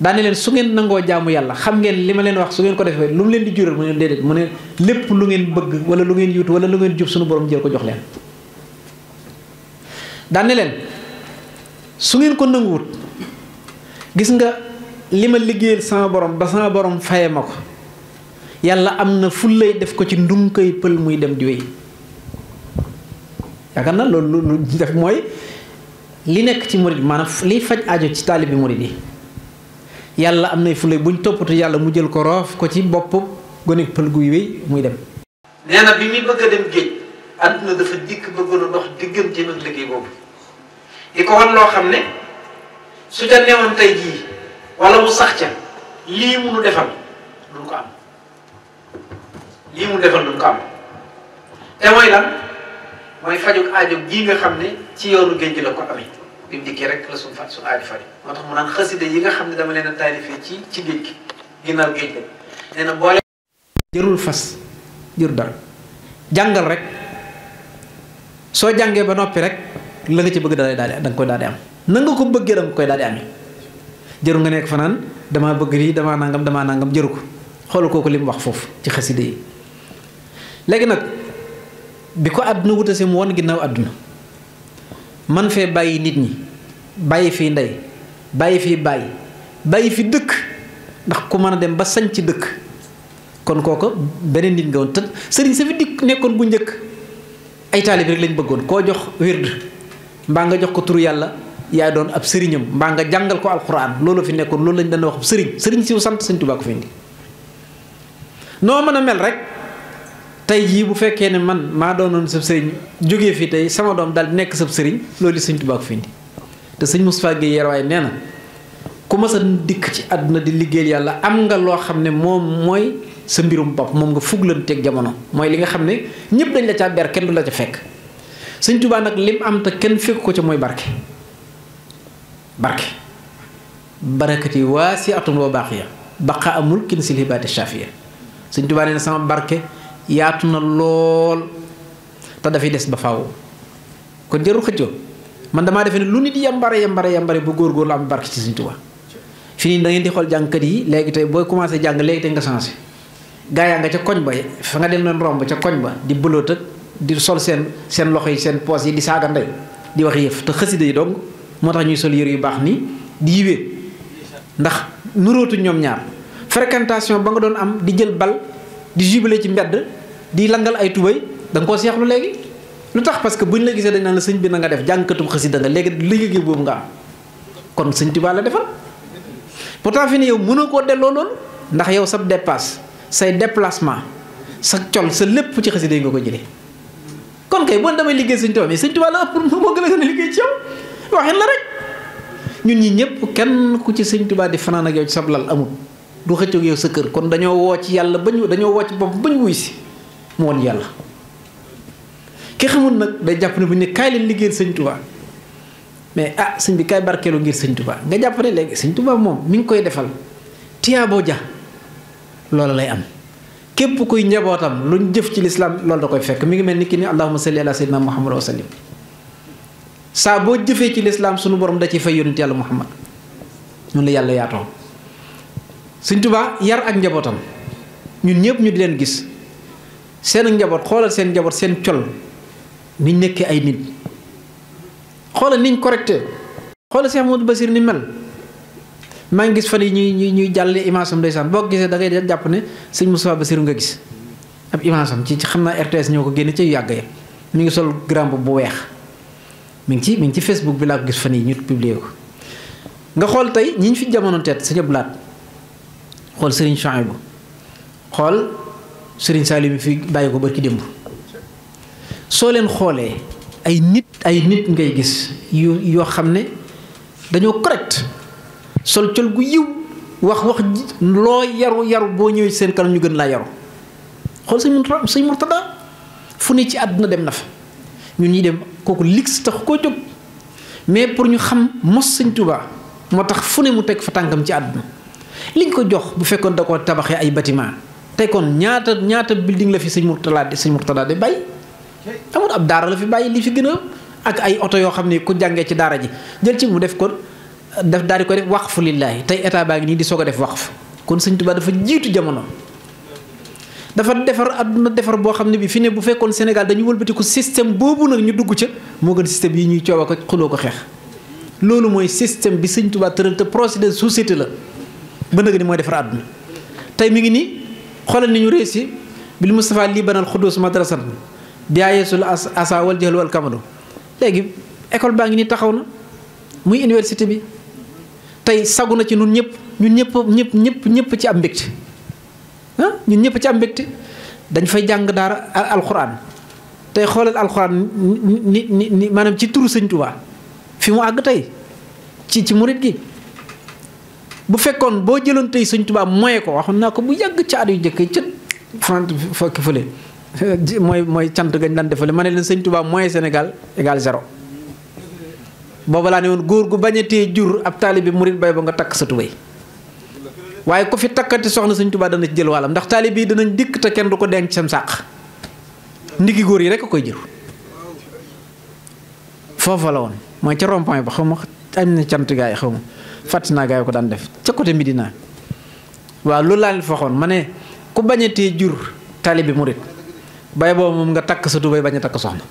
S1: daane leen su ngeen nangoo jaamu yàlla xam ngeen li ma leen wax su ngeen ko defee lu mu leen di jural mu ne mu ne lépp lu ngeen bëgg wala lu ngeen yuutu wala lu ngeen jub suñu borom jël ko jox leen daane leen su ngeen ko nanguwut gis nga li ma liggéeyal sama boroom ba sama borom faye ma ko yàlla am na fullay def ko ci ndunkay pël muy dem di wéy yaakaar na loolu lu def mooy li nekk ci murid maanaam liy faj ajo ci taalibi murid yi yàlla am nay fule buñ toppatu yàlla mu jël ko roof ko ci bopp gone pël guy wéy muy dem. nee na bi muy bëgg a dem géej àdduna dafa dikk bëggoon a dox digganteem ak liggéey boobu di ko loo xam ne su ca newoon tey jii wala mu sax ca lii munu defal duñ ko am mu defal duñ ko am te mooy lan mooy fajug aajo gi nga xam ne ci yoonu géej gi la ko amee. bi rek la suñu fat suñu aadi yi nga xam ne dama leen a taalifee ci fas jër dara jàngal rek soo jàngee ba noppi rek la nga ci bëgg daal daal da nga daal am na ko bëggee koy daal di nekk fanaan damaa bëgg lii damaa nangam damaa nangam jëru ko xoolal kooku li mu wax foofu ci xasida yi léegi nag bi ko àdduna wutasee mu woon ginnaw àdduna man fee bàyyi nit ñi bàyyi fi ndey bàyyi fi bàyyi bàyyi fi dëkk ndax ku mën a dem ba sañ ci dëkk kon kooka beneen nit nga woon te sëriñ sa fi dikk nekkoon bu njëkk ay taalib rek lañ bëggoon koo jox wird mbaa nga jox ko turu yàlla yaay doon ab sëriñam mbaa nga jàngal ko alxuraan loolu fi nekkoon loolu lañ daan wax sëriñ sëriñ siw sant sëñ Tuubaa ko fii nii noo mën a mel rek tey jii bu fekkee ne man maa doonoon sab sëriñ jóge fii tey sama doom daal di nekk sab sëriñ loolu sëñ Tuubaa ko fi indi te sëñ Moustapha Guèye Yerwaay nee na ku ma sa dikk ci àdduna di liggéeyal yàlla am nga loo xam ne moom mooy sa mbirum bopp moom nga fuglanteeg jamono mooy li nga xam ne ñëpp dañ la caa ber kenn du la ca fekk sëñ Tuubaa nag lim am te kenn fekk ko ca mooy barke barke barakati waasiatun waa si atum amul kin sil hibaati shafiya sëñ Tuubaa nee na yaatu na lool te dafay des ba faaw kon jarul xëccoo man damaa defe ne lu nit yambare yambare yambare bu góorgóorlu am barke ci Sëriñ Tuubaa fi nii da ngeen di xool jàngkat yi léegi tey booy commencé jàng léegi te nga changé gaa yaa nga ca koñ ba fa nga dem doon romb ca koñ ba di bëloot ak di sol seen seen loxo yi seen poos yi di saaga ndey di wax yëf te xasida yi dong moo tax ñuy sol yëre yu baax nii di yiwee ndax nurootu ñoom ñaar fréquentation ba nga doon am di jël bal di jubilé ci mbedd di langal ay tubay da nga koo seexlu léegi lu tax parce que buñ la gisee dañ naan la sëñ bi na nga def jàngkatum xasida nga léegi liggéey boobu nga am kon sëñ Tuubaa la defal pourtant fi ne yow mënoo koo delloo loolu ndax yow sab dépasse say déplacement sa col sa lépp ci xasida day nga ko jëlee kon kay boo damay liggéey sëñ Tuubaa mais sëñ Tuubaa la ëpp moo gën a gën liggéey ci yow waxin la rek ñun ñi ñëpp kenn ku ci sëñ Tuubaa di fanaan ak yow ci sablal amul du xëccoog yow sa kër kon dañoo ci yàlla ba ñu dañoo woo ci ba ñu wuy si mu yàlla ki xamul nag day jàpp bu ñu ne kaay leen liggéeyal sëñ Tuubaa mais ah sëñ bi kaay barkeelu ngir sëñ Tuubaa nga jàpp ne léegi sëñ Tuubaa moom mi ngi koy defal tiyaaboo ja loola lay am képp kuy njabootam luñ jëf ci lislaam loolu da koy fekk mi ngi mel ni ki ni allahuma salli ala sayyidina muhammad wa sallim saa boo jëfee ci lislaam sunu borom da ciy fay yonent yàlla muhammad ñun la yàlla yaatoo sëñ Tuubaa yar ak njabootam ñun ñëpp ñu di leen gis seen njaboot xoolal seen njaboot seen col niñ nekkee ay nit xoolal niñ correcté xoolal Cheikh Modou Basir ni mel maa ngi gis fan yi ñuy ñuy jàll image am ndeysaan boo gisee da ngay jàpp ne sëñ Moustapha Basir nga gis ab image am ci xam naa RTS ñoo ko génne ca yàgg ya mi ngi sol grand bu weex mu ngi ci mi ngi ci Facebook bi laa ko gis fan yi ñu publié nga xool tey ñi ñu fi jamono teet sëñ Ablaat xool Serigne Chouaïbou xool. sëriñ Saliou mi fi bàyyi ko barki démb soo leen xoolee ay nit ay nit ngay gis yoo xam ne dañoo correct sol col gu yiw wax wax loo yaru yaru boo ñëwee seen kanam ñu gën laa yaru xool sëñ Murtada sëñ fu ne ci àdduna dem na fa ñun ñi dem kooku lix tax koo jóg mais pour ñu xam mos sëñ Tuubaa moo tax fu ne mu teg fa tànkam ci àdduna liñ ko jox bu fekkoon da ko tabaxee ay bâtiment tey kon ñaata ñaata building la fi sëñ Mourtada di sëñ Mourtada di bàyyi amul ab daara la fi bàyyi li fi gën a ak ay oto yoo xam ne ku jàngee ci daara ji jël ci mu def ko def daal di ko def wax waqfu lillaahi tey état baa ngi nii di soog a def fu kon sëñ Tuubaa dafa jiitu jamono. dafa defar adduna defar boo xam ne bi fi ne bu fekkoon Sénégal dañu wëlbatiku système boobu nag ñu dugg ca moo gën système yi ñuy coow ko xuloo ko xeex loolu mooy système bi sëñ Tuubaa tëral te procédure société la ba nag ni mooy defar xoolal ni ñu bi réussi mu Moustapha lii banal xudduus madrasan diyaayeesul as asa wal jël wal kamado léegi école baa ngi nii taxaw na muy université bi tey sagu na ci noonu ñëpp ñun ñëpp ñëpp ñëpp ñëpp ci am mbégte ah ñun ñëpp ci am mbégte dañ fay jàng daara alquran tey xoolal alquran ni ni ni maanaam ci turu sëñ Tuubaa fi mu àgg tey ci ci murit gi. bu fekkoon boo jëloon tey sëñ Tuubaa moye ko waxoon naa ko bu yàgg ca at yu njëkk ca France fokki fële mooy mooy cant gañ daan defale ma ne leen sëñ Tuubaa moye Sénégal égal zéro booba woon góor gu bañ a tee jur ab taalibe murit bay ba nga takk sa tubéy waaye ku fi takkati soxna sëñ Tuubaa dana jël wàllam ndax taalibe yi danañ dikk te kenn du ko denc sam sàq ndigi góor yi rek a koy jël foofa la woon mooy ca rond-point ba xaw ma am na cant yi xaw ma fàtt naa gaa yi ko daan def ca côté Médina waaw lu laa leen faxoon ma ne ku bañatee jur mu murit bay boobu moom nga takk sa tubay bañ a takk soxna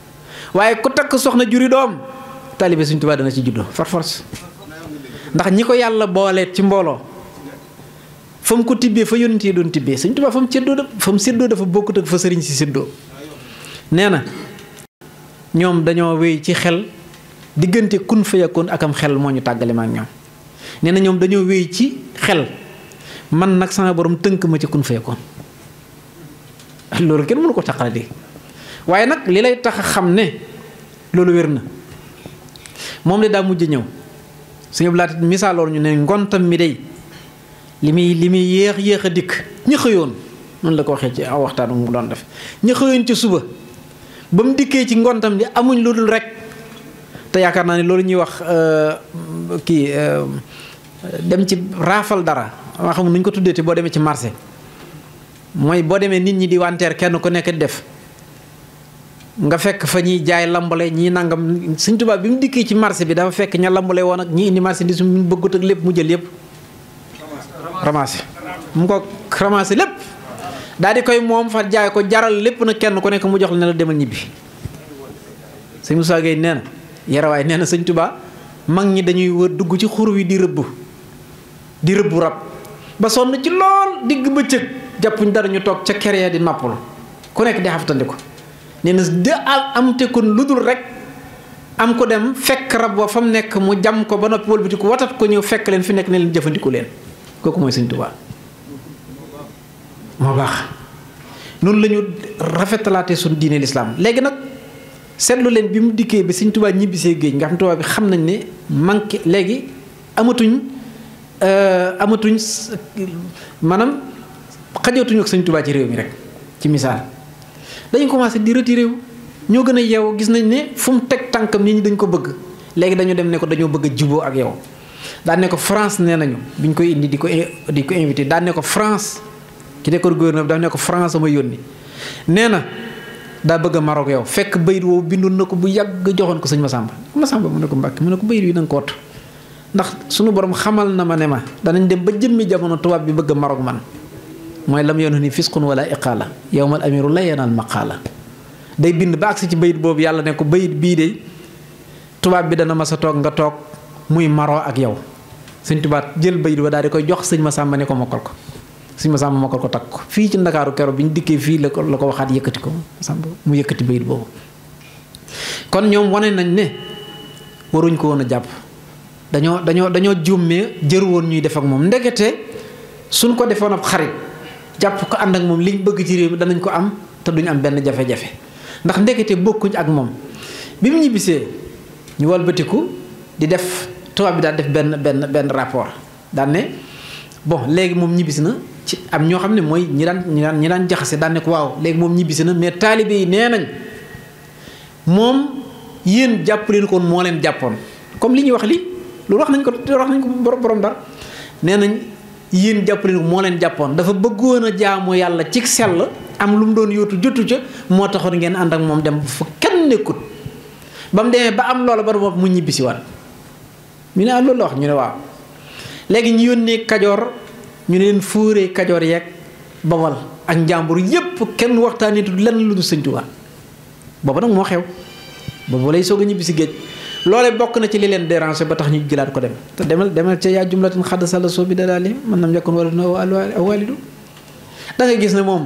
S1: waaye ku takk soxna juri doom taalibe suñ tubaa dana ci juddoo far force ndax ñi ko yàlla booleet ci mbooloo fa mu ko tibbee fa yónent doon tibbee suñ tubaa fa mu séddoo fa mu séddoo dafa bokkut ak fa sëriñ si séddoo nee na ñoom dañoo wéy ci xel diggante kun fayakoon ak am xel moo ñu tàggale ñoom nee na ñoom dañoo wéy ci xel man nag sama boroom tënk ma ci kun loolu kenn mënu ko taqalati waaye nag li lay tax a xam ne loolu wér na moom de daa mujj ñëw suñu laata misaaloon ñu ne ngontam mi day li muy li muy yéex yéex a dikk ña xëyoon noonu la ko waxee ci aw waxtaan mu doon def ña ca suba ba mu dikkee ci ngontam li amuñ lu dul rek te yaakaar naa ne loolu ñuy wax euh, kii. Euh, dem ci raafal dara ma xam nu ñu ko tuddee te boo demee ci marché mooy boo demee nit ñi di wanteer kenn ku nekk def nga fekk fa ñuy jaay lambale ñii nangam Sëñ Tuubaa bi mu dikkee ci marché bi dafa fekk ña lambale woon ak ñi indi marché di suñu bëggut ak lépp mu jël yëpp. ramassé mu ko ramassé lépp daal di koy moom fa jaay ko jaral lépp nag kenn ku nekk mu jox la ne la demal ñibbi sëñ Moussa Gueye nee na yarawaay nee na Sëñ Tuubaa mag ñi dañuy wër dugg ci xur wi di rëbbu rab ba sonn ci lool digg bëccëg jàppuñ dara ñu toog ca kere di nappul ku nekk di xaftandi nee na de al am te kon lu dul rekk am ko dem fekk rab wa fa mu nekk mu jam ko ba noppi wëlbati ko watat ko ñëw fekk leen fi nekk ne leen jëfandiku leen kooku mooy Sëñ Tuubaa moo baax noonu la ñu rafetalaatee suñu diine lislaam léegi nag seetlu leen bi mu dikkee bi Sëñ Tuubaa ñibbisee géej nga xam Tuubaa bi xam nañ ne manqué léegi amatuñ Euh, amatuñ maanaam xajatuñu ak sëñ Tuubaa ci réew mi rek ci misaal dañu commencé di retiré ñoo gën a yeewu gis nañ ne fu mu teg tànkam nit ñi dañ ko bëgg léegi dañu dem ne ko dañoo bëgg a juboo ak yow daan ne ko France nee nañu biñ koy indi di ko di ko invité daan ne ko France ki nekkoon gouverneur bi daan ne ko France ama yónni nee na daa bëgg a Maroc yow fekk bayit woowu bindoon na ko bu yàgg joxoon ko sëñ Masamba Masamba mu ne ko Mbàkke mu ne ko bayit yi na nga ndax sunu borom xamal na ma ne ma danañ dem ba jëmmi jamono tubaab bi bëgg a man mooy lam nii ni fisqun wala iqaala yowmal amiru la yanal maqaala day bind ba agsi ci bayit boobu yàlla ne ko bayit bii de tubaab bi dana mas a toog nga toog muy maroo ak yow sëñ tubaab jël bayit ba daal di koy jox sëñ Masamba ne ko mokkal ko ma sëñ Masamba mokkal ko takk ko fii ci ndakaaru kero bi ñu dikkee fii la ko la ko waxaat yëkkati ko Masamba mu yëkkati bayit boobu kon nañ ne ko woon a jàpp dañoo dañoo dañoo jummee jër woon ñuy def ak moom ndekete suñ ko defoon ak xarit jàpp ko ànd ak moom liñ bëgg ci réew mi danañ ko am te duñ am benn jafe-jafe ndax ndekete bokkuñ ak moom bi mu ñibbisee ñu walbatiku di def tubaab bi daal def benn benn benn rapport daan bo léegi moom ñibbisi na ci am ñoo xam ne mooy ñi daan ñi daan ñi daan jaxase daan ne ko waaw léegi moom ñibbisi na mais taalibe yi nee nañ moom yéen jàpp leen koon moo leen jàppoon comme li ñuy wax li loolu wax nañ ko wax nañ ko borom Ndar nee nañ yéen jàpp moo leen jàppoon dafa bëggoon a jaamu yàlla ci sell am lu mu doon yootu jotu ca moo taxoon ngeen ànd ak moom dem fa kenn nekkut ba mu demee ba am loola ba bopp mu ñibbisi waat ñu ne ah loolu la wax ñu ne waaw léegi ñu yónnee kajoor ñu ne leen fóoree kajoor yeeg bawal ak njàmbur yépp kenn waxtaanee lenn lu du sëñ Tuubaa boobu nag moo xew boobu lay soog a ñibbisi géej. loolee bokk na ci li leen déranger ba tax ñu jëlaat ko dem te demal demal ca yaa jumlatin xadd sàlla soo bi dalaalihim man nam yakun waladun aw waalidu da nga gis ne moom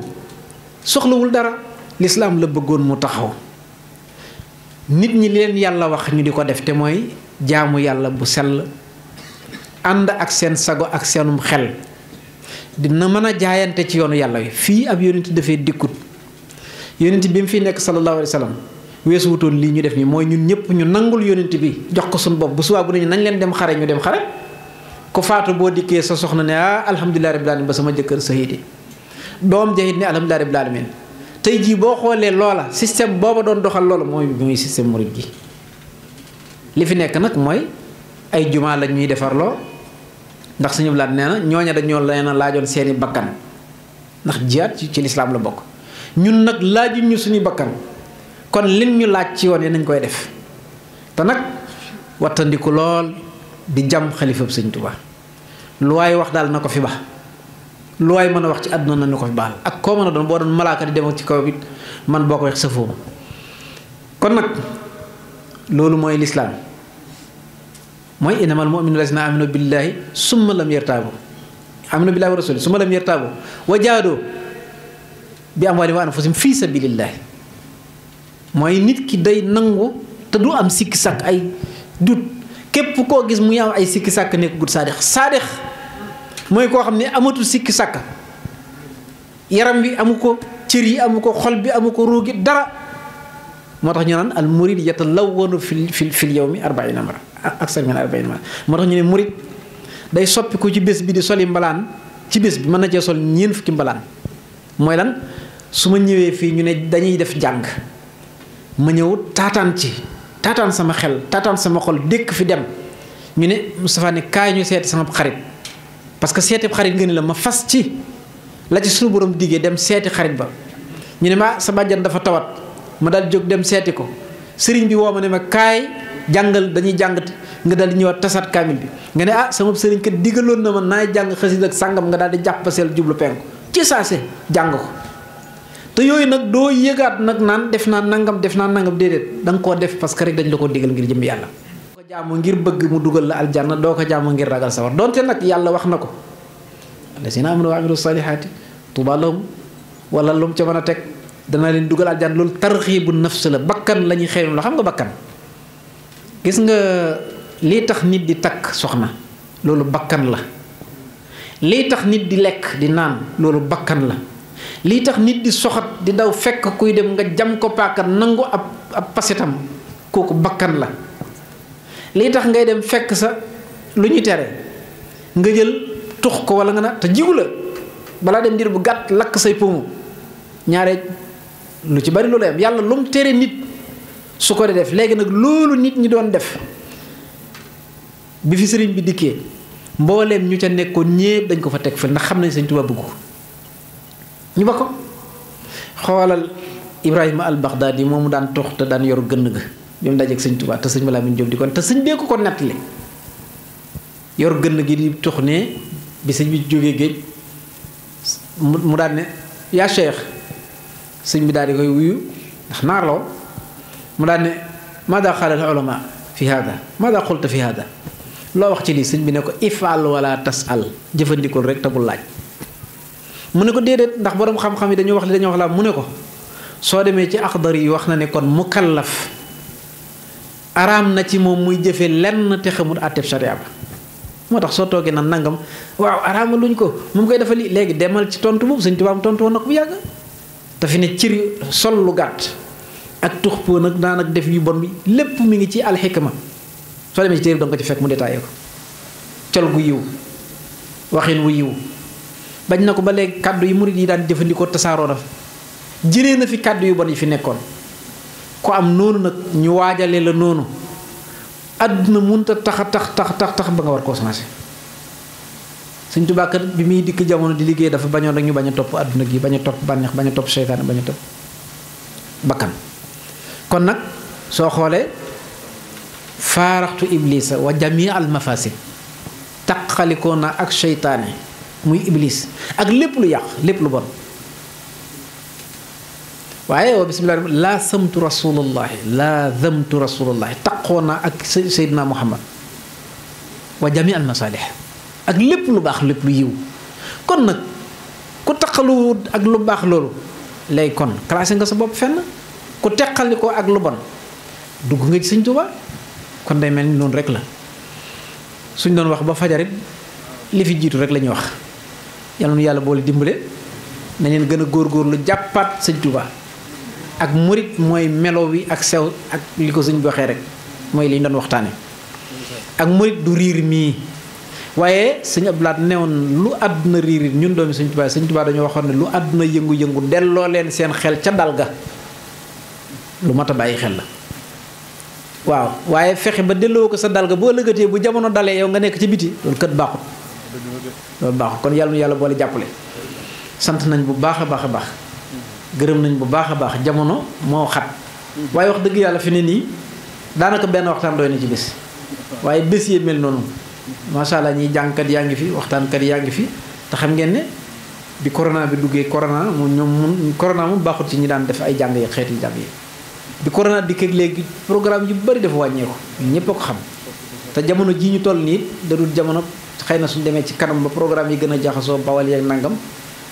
S1: soxlawul dara lislaam la bëggoon mu taxaw nit ñi li leen yàlla wax ñu di ko def te mooy jaamu yàlla bu sell ànd ak seen sago ak seenum xel dina mën a jaayante ci yoonu yàlla wi fii ab yonent dafay dikkut yonent bi mu fi nekk sallallahu alayhi wa weesu wutoon lii ñu def nii mooy ñun ñëpp ñu nangul yonent bi jox ko suñu bopp bu subaa bu nañu nañ leen dem xare ñu dem xare ku faatu boo dikkee sa soxna ne ah alhamdulilah rabbil alamin ba sama jëkkër sahidi doom jahit ne alhamdulilah rabbil alamin tey jii boo xoolee loola système booba doon doxal loola mooy mooy système murid gi li fi nekk nag mooy ay jumaa la ñuy defarloo ndax suñu laat nee na ñooña dañoo leen laajoon seeni bakkan ndax jiyaat ci lislaam la bokk ñun nag laajuñ ñu suñu bakkan kon lim ñu laaj ci yoon yi nañ koy def te nag wattandiku lool di jam xalifab sëñ Tuubaa lu waaye wax daal na ko fi ba lu waay mën a wax ci àdduna nañu ko fi baal ak koo mën a doon boo doon malaaka di demal ci kaw bi man boo ko wax sa foofu kon nag loolu mooy lislaam mooy innamal mu'minu lazina aminu billaahi summa lam yartaabu aminu billaahi wa rasuli summa lam yartaabu wa jaadoo bi amwaalihim wa anfusihim fii sabilillahi mooy nit ki day nangu te du am sikki sàkk ay dut képp koo gis muy am ay sikki sàkk nekk gut saadix saadix mooy koo xam ne amatul sikki sàkk yaram bi amu ko cër yi amu ko xol bi amu ko roogi dara moo tax ñu naan al murid yatalawwanu fil fil fil yawmi mi mara aksar min arbaina mara moo tax ñu day soppi ko ci bés bi di soli mbalaan ci bés bi mën na cee sol ñeent fukki mbalaan mooy lan su ma ñëwee fii ñu ne dañuy def jàng ma ñëw taataan ci taataan sama xel taataan sama xol dékk fi dem ñu ne mu Moustapha ne kaay ñu seeti sama xarit parce que seeti xarit nga ne la ma fas ci la ci suñu boroom diggee dem seeti xarit ba ñu ne ma sama bàjjan dafa tawat ma daal jóg dem seeti ko sëriñ bi woo ma ne ma kaay jàngal dañuy jàngat nga daal di ñëwaat tasaat kaamil bi nga ne ah sama sëriñ kat digaloon na ma naay jàng xasida ak sàngam nga daal di jàppaseel jublu penku ci saase jàng ko te yooyu nag doo yëgaat nag naan def naa nangam def naa nangam déedéet da koo def que rek dañ la ko digal ngir jëm yàlla. doo ko jaamu ngir bëgg mu dugal la aljanna doo ko jaamu ngir ragal sawar donte nag yàlla wax na ko. allasina amanu wa amilu salihaati tuba lahum wala lu mu ca a teg dana leen dugal aljanna loolu tarxiibu nafs la bakkan la ñuy xëy loo xam nga bakkan gis nga lii tax nit di takk soxna loolu bakkan la lii tax nit di lekk di naan loolu bakkan la. lii tax nit di soxat di daw fekk kuy dem nga jam ko paaka nangu ab ab pasetam kooku bakkan la li tax ngay dem fekk sa lu ñu tere nga jël tux ko walla nga na te jiwu la balaa dem diir bu gàtt lakk say pomu ñaare lu ci bari lu la yam yàlla lu mu tere nit su ko di def léegi nag loolu nit ñi doon def bi fi sëriñ bi dikkee mbooleem ñu ca nekkoon ñépp dañ ko fa teg fël ndax xam nañ Sëriñ Tuubaa bëgg ko ñu ba ko xoolal Ibrahima al moom mu daan tox te daan yor gënn ga bi mu dajeeg sëñ Tuubaa te Malaa Min Jóob di kon te sëñ ko ko yor gënn gi tox ne bi sëñ bi jógee géej mu daan sëñ bi daal di koy wuyu ndax naar la mu daan ne maada qaala al ulama fi hada maada qulta fi hada loo wax ci lii sëñ bi ne ko ifal wala tasal jëfandikul rek te laaj mu ne ko déedéet ndax boroom xam-xam yi dañoo wax li dañoo wax laa mu ne ko soo demee ci axdar yi wax na ne kon mukallaf araam na ci moom muy jëfe lenn te xamul àtteeb sharia ba moo tax soo toogee na nangam waaw araama luñ ko mu koy dafa lii léegi demal ci tontu boobu Sëñ Tuubaa tontu woon na bu yàgg te fi ne ciri sol lu gàtt ak tux po nag naan def yu bon bi lépp mu ngi ci alxikma soo demee ci téere bi danga ko ci fekk mu détaillé ko col gu yiw waxin wu yiw bañ na ko ba léegi kàddu yi mu murid yi daan jëfandikoo tasaaroo na fi na fi kàddu yu bon yi fi nekkoon ku am noonu nag ñu waajalee la noonu àdduna munta tax a tax tax tax tax ba nga war koo changé Sëñ Tuubaa bi muy dikk jamono di liggéey dafa bañoo nag ñu bañ a topp àdduna gi bañ topp bànneex bañ a topp seytaane bañ a topp bakkan kon nag soo xoolee faaraxtu iblisa wa jamii al mafasid taqalikoo na ak seytaane muy iblis ak lépp lu yàq lépp lu bon waaye wa bisimilah laa samtu rasulullahi laa damtu rasulullahi taqoo naa ak Seydina Muhammad wa jami al masalih ak lépp lu baax lépp lu yiw kon nag ku taqaluwut ak lu baax loolu lay kon classé nga sa bopp fenn ku teqali ko ak lu bon dugg nga ci Sëñ Tuubaa kon day mel ni noonu rek la suñ doon wax ba fajarit li fi jiitu rek lañuy wax yal yàlla boole dimbale na leen gën a góor góorgóorlu jàppaat sëñ Tuubaa ak murit mooy melo wi ak sew ak li ko sëñ bi waxee rek mooy li ñu doon waxtaane ak murit du riir mii waaye sëñ Abdoulaat newoon lu àdduna riir ñun doomi sëñ Tuubaa dañoo waxoon ne lu àdduna yëngu-yëngu delloo leen seen xel ca dal ga lu mat bàyyi xel la waaw waaye fexe ba delloo ko sa dal ga boo lëgatee bu jamono dalee yow nga nekk ci biti loolu kat baaxut loolu baaxul kon yàlla nu yàlla boole jàppale sant nañ bu baax a baax a baax gërëm nañ bu baax a baax jamono moo xat waaye wax dëgg yàlla fi ne nii daanaka benn waxtaan doy na ci bés waaye bés yi mel noonu macha allah ñiy jàngkat yaa ngi fi waxtaankat yaa ngi fi te xam ngeen ne bi corona bi duggee corona mu ñoom mun corona moom baaxul ci ñi daan def ay jàng yi xeeti jàng yi bi corona dikkeeg léegi programme yu bari dafa wàññeeku ñëpp a ko xam te jamono ji ñu xëy na suñ demee ci kanam ba programme yi gën a jaxasoo bawal yeeg nangam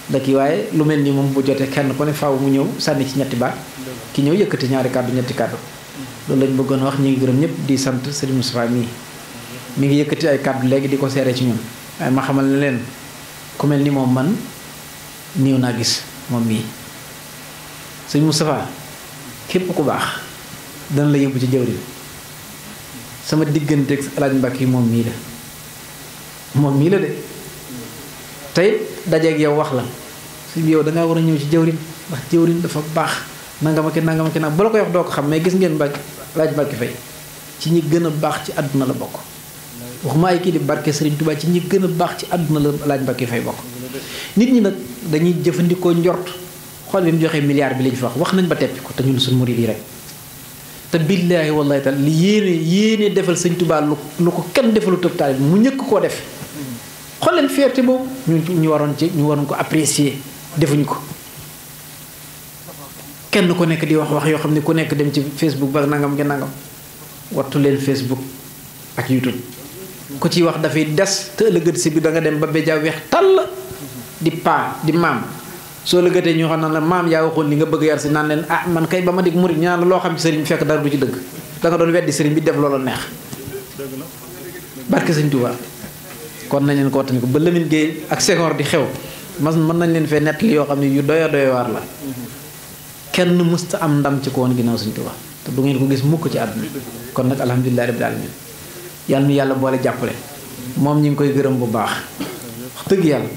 S1: dëkk waaye lu mel ni moom bu jotee kenn ku ne faaw mu ñëw sànni ci ñetti baat ki ñëw yëkkati ñaari kàddu ñetti kàddu loolu lañ bëggoon wax ñu ngi gërëm ñëpp di sant Serigne Moustapha mii mi ngi yëkkati ay kàddu léegi di ko seere ci ñun waaye ma xamal ne leen ku mel ni moom man niiw naa gis moom mii Serigne Moustapha képp ku baax dana la yóbbu ci jawriñ sama diggante Alaaji Mbàkke moom mii moom mii la de tey dajeeg yow wax la si yow da ngaa war a ñëw ci jëwrin ndax jëwrin dafa baax nangama ki nangama ki nag bu la doo ko xam mais gis ngeen mbàkk laaj mbàkki fay ci ñi gën a baax ci àdduna la bokk waxuma ay kii di barke Serigne Touba ci ñi gën a baax ci àdduna la laaj mbàkki fay bokk nit ñi nag dañuy jëfandikoo njort xool bi mu joxee milliard bi lañ fa wax wax nañ ba teppi ko te ñun suñ murid yi rek te billaahi wallahi taala li yéene yéene defal Serigne Touba lu lu ko kenn defalu tëb taal mu ñëkk koo def xool leen fierté boobu ñu ñu waroon ci ñu waroon ko apprécier defuñ ko kenn ku nekk di wax wax yoo xam ne ku nekk dem ci Facebook ba nangam nga nangam wattu leen Facebook ak YouTube ku ciy wax dafay des te ëllëgat si bi da nga dem ba béja weex tàll di paa di maam soo lëgatee ñu xam naan la maam yaa waxoon li nga bëgg yar si naan leen ah man kay ba ma dig murid ñu naan la loo xam ci sëriñ fekk dara du ci dëgg da nga doon weddi sëriñ bi def loola neex barke sëñ Tuubaa kon nañ leen ko wattandiku ba Lamine géey ak Senghor di xew mas mën nañ leen fee nettali yoo xam ne yu doya waar la kenn mësta am ndam ci ko woon ginnaaw ko Tuubaa te du ngeen ko gis mukk ci àdduna kon nag alhamdulilah di alamin yàlla nu yàlla boole jàppale moom ñu ngi koy gërëm bu baax wax dëgg yàlla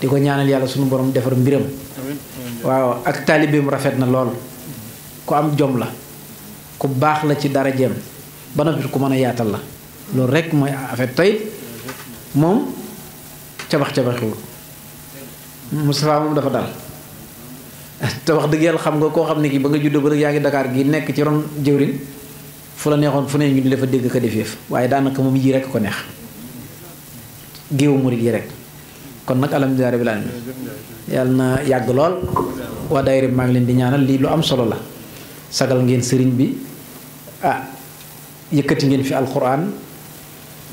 S1: di ko ñaanal yàlla suñu borom defar mbiram waaw ak taalibeem rafet na lool ku am jom la ku baax la ci dara jeem ba noppi ku mën a yaatal la loolu rek mooy tey moom cabax-cabaxiwul Moustapha moom dafa dal te wax dëgg yàlla xam nga koo xam ne kii ba nga juddoo ba rek yaa ngi dakaar gi nekk ci ron jëwrin fu la neexoon fu ne ñu di la dégg ko defeef waaye daanaka moom yii rek ko neex géewu murid rek kon nag alhamdulilah rabbil alamin yàlla na yàgg lool waa daayira maa ngi leen di ñaanal lii lu am solo la sagal ngeen sëriñ bi ah yëkkati ngeen fi alquran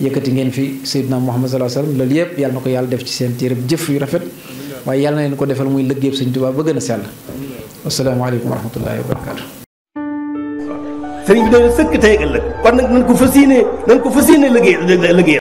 S1: yëkkati ngeen fi Seydina Muhammad sallallahu alayhi wasallam loolu yëpp yàlla na ko yàlla def ci seen téere jëf yu rafet waaye yàlla na leen ko defal muy liggéeyub Sëñ Tuubaa ba gën a sell asalaamaaleykum wa rahmatullahi wa barakaatu sëriñ bi dana sëkk tey ëllëg ko fas yéene nañ ko fas yéene liggéey liggéey